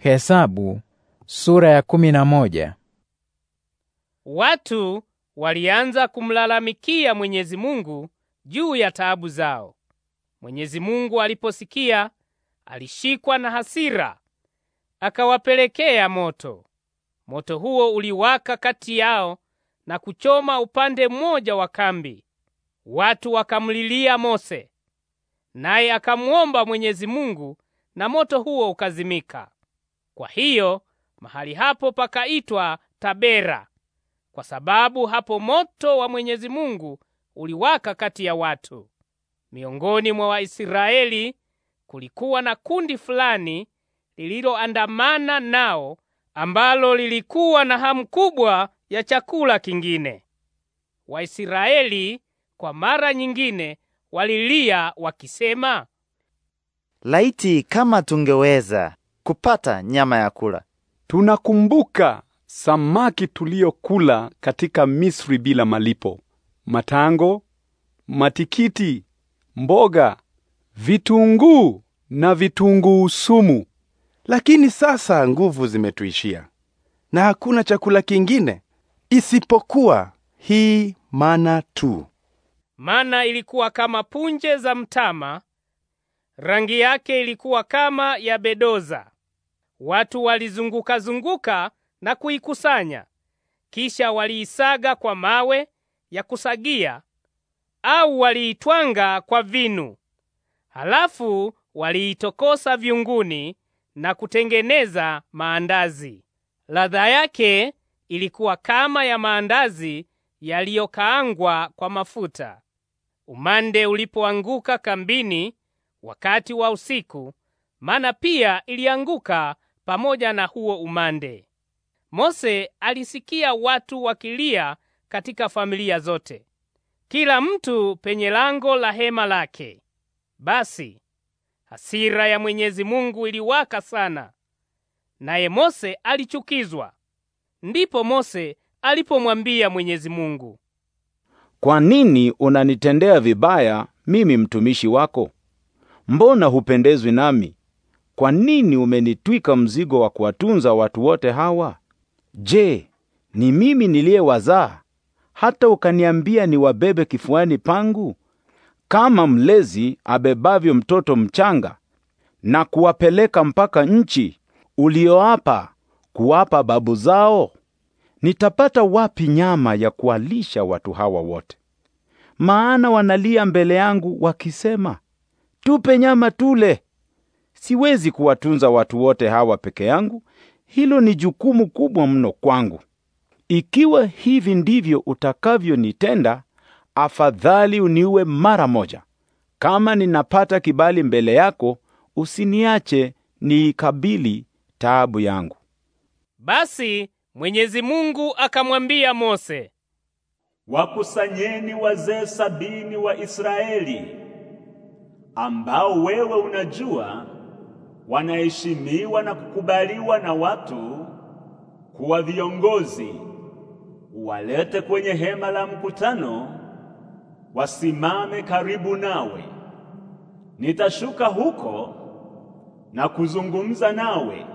Hesabu sura ya kumi na moja. Watu walianza kumlalamikia Mwenyezi Mungu juu ya taabu zao. Mwenyezi Mungu aliposikia, alishikwa na hasira, akawapelekea moto. Moto huo uliwaka kati yao na kuchoma upande mmoja wa kambi. Watu wakamlilia Mose, naye akamuomba Mwenyezi Mungu na moto huo ukazimika. Kwa hiyo mahali hapo pakaitwa Tabera, kwa sababu hapo moto wa Mwenyezi Mungu uliwaka kati ya watu. Miongoni mwa Waisraeli kulikuwa na kundi fulani lililoandamana nao ambalo lilikuwa na hamu kubwa ya chakula kingine. Waisraeli kwa mara nyingine walilia wakisema, laiti kama tungeweza kupata nyama ya kula. Tunakumbuka samaki tuliyokula katika Misri bila malipo, matango, matikiti, mboga, vitunguu na vitunguu sumu. Lakini sasa nguvu zimetuishia na hakuna chakula kingine isipokuwa hii mana tu. Mana ilikuwa kama punje za mtama, rangi yake ilikuwa kama ya bedoza, Watu walizunguka-zunguka na kuikusanya, kisha waliisaga kwa mawe ya kusagia au waliitwanga kwa vinu. Halafu waliitokosa vyunguni na kutengeneza maandazi. Ladha yake ilikuwa kama ya maandazi yaliyokaangwa kwa mafuta. Umande ulipoanguka kambini wakati wa usiku, mana pia ilianguka pamoja na huo umande. Mose alisikia watu wakilia katika familia zote, kila mtu penye lango la hema lake. Basi hasira ya Mwenyezi Mungu iliwaka sana, naye Mose alichukizwa. Ndipo Mose alipomwambia Mwenyezi Mungu, kwa nini unanitendea vibaya mimi mtumishi wako? Mbona hupendezwi nami? Kwa nini umenitwika mzigo wa kuwatunza watu wote hawa? Je, ni mimi niliyewazaa hata ukaniambia niwabebe kifuani pangu kama mlezi abebavyo mtoto mchanga na kuwapeleka mpaka nchi ulioapa kuwapa babu zao? Nitapata wapi nyama ya kuwalisha watu hawa wote? Maana wanalia mbele yangu wakisema, tupe nyama tule. Siwezi kuwatunza watu wote hawa peke yangu. Hilo ni jukumu kubwa mno kwangu. Ikiwa hivi ndivyo utakavyonitenda, afadhali uniue mara moja. Kama ninapata kibali mbele yako, usiniache niikabili taabu yangu. Basi Mwenyezi Mungu akamwambia Mose, wakusanyeni wazee sabini wa Israeli ambao wewe unajua wanaheshimiwa na kukubaliwa na watu kuwa viongozi, walete kwenye hema la mkutano, wasimame karibu nawe. Nitashuka huko na kuzungumza nawe,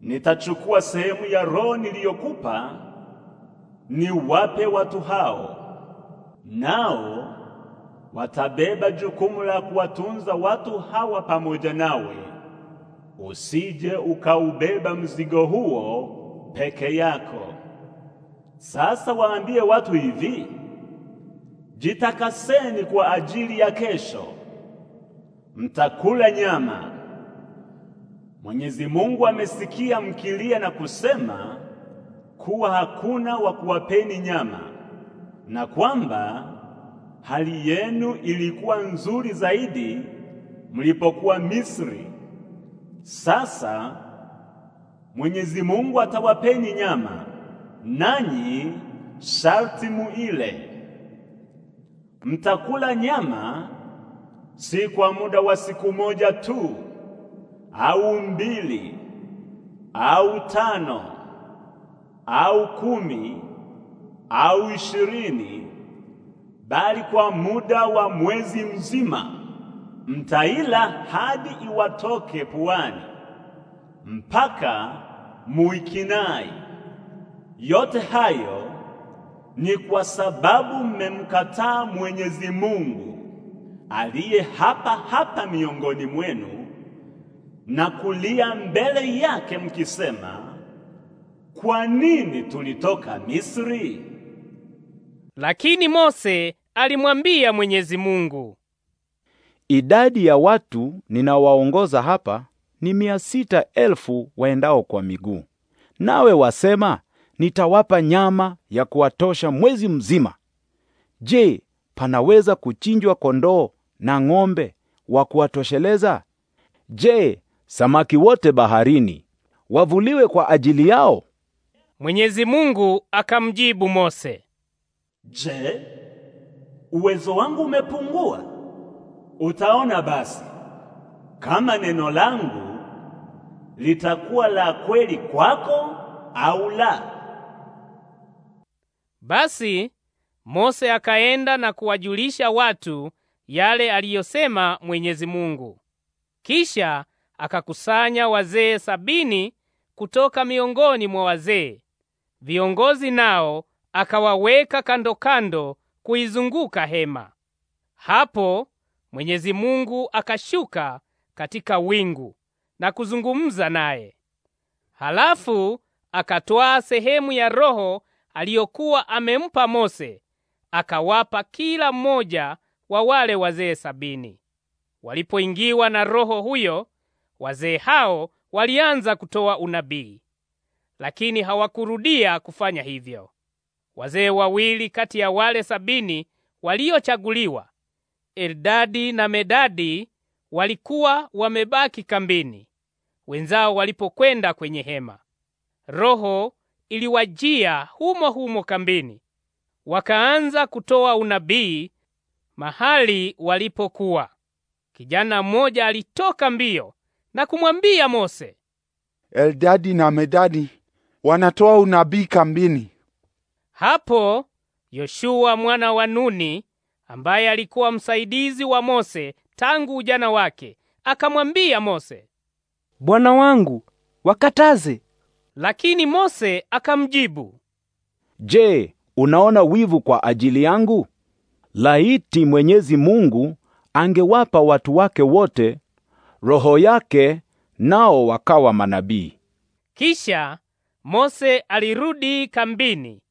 nitachukua sehemu ya roho niliyokupa niwape watu hao, nao watabeba jukumu la kuwatunza watu hawa pamoja nawe. Usije ukaubeba mzigo huo peke yako. Sasa waambie watu hivi: jitakaseni kwa ajili ya kesho, mtakula nyama. Mwenyezi Mungu amesikia mkilia na kusema kuwa hakuna wa kuwapeni nyama na kwamba hali yenu ilikuwa nzuri zaidi mlipokuwa Misri. Sasa Mwenyezi Mungu atawapeni nyama, nanyi sharti muile. Mtakula nyama si kwa muda wa siku moja tu au mbili au tano au kumi au ishirini bali kwa muda wa mwezi mzima mtaila hadi iwatoke puani mpaka muikinai. Yote hayo ni kwa sababu mmemkataa Mwenyezi Mungu aliye hapa hapa miongoni mwenu na kulia mbele yake mkisema, kwa nini tulitoka Misri? Lakini Mose alimwambia Mwenyezi Mungu, idadi ya watu ninawaongoza hapa ni mia sita elfu waendao kwa miguu, nawe wasema nitawapa nyama ya kuwatosha mwezi mzima. Je, panaweza kuchinjwa kondoo na ng'ombe wa kuwatosheleza? Je, samaki wote baharini wavuliwe kwa ajili yao? Mwenyezi Mungu akamjibu Mose, Je, uwezo wangu umepungua, utaona basi kama neno langu litakuwa la kweli kwako au la. Basi Mose akaenda na kuwajulisha watu yale aliyosema Mwenyezi Mungu. Kisha akakusanya wazee sabini kutoka miongoni mwa wazee viongozi, nao akawaweka kando kando kuizunguka hema. Hapo Mwenyezi Mungu akashuka katika wingu na kuzungumza naye. Halafu akatwaa sehemu ya roho aliyokuwa amempa Mose, akawapa kila mmoja wa wale wazee sabini. Walipoingiwa na roho huyo, wazee hao walianza kutoa unabii, lakini hawakurudia kufanya hivyo. Wazee wawili kati ya wale sabini waliochaguliwa, Eldadi na Medadi, walikuwa wamebaki kambini wenzao walipokwenda kwenye hema. Roho iliwajia humo humo kambini, wakaanza kutoa unabii mahali walipokuwa. Kijana mmoja alitoka mbio na kumwambia Mose, Eldadi na Medadi wanatoa unabii kambini. Hapo Yoshua mwana wa Nuni, ambaye alikuwa msaidizi wa Mose tangu ujana wake, akamwambia Mose, Bwana wangu, wakataze. Lakini Mose akamjibu, Je, unaona wivu kwa ajili yangu? Laiti Mwenyezi Mungu angewapa watu wake wote roho yake nao wakawa manabii. Kisha Mose alirudi kambini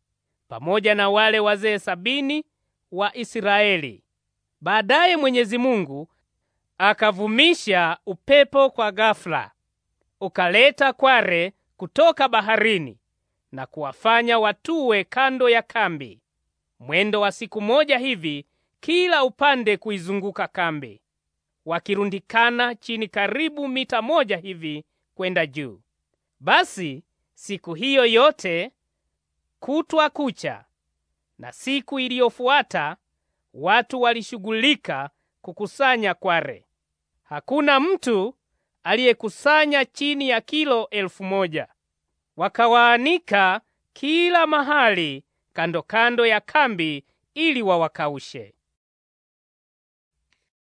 pamoja na wale wazee sabini wa Israeli. Baadaye Mwenyezi Mungu akavumisha upepo kwa ghafla, ukaleta kware kutoka baharini na kuwafanya watuwe kando ya kambi, mwendo wa siku moja hivi kila upande kuizunguka kambi, wakirundikana chini karibu mita moja hivi kwenda juu. Basi siku hiyo yote kutwa kucha, na siku iliyofuata watu walishughulika kukusanya kware. Hakuna mtu aliyekusanya chini ya kilo elfu moja. Wakawaanika kila mahali kando kando ya kambi ili wawakaushe.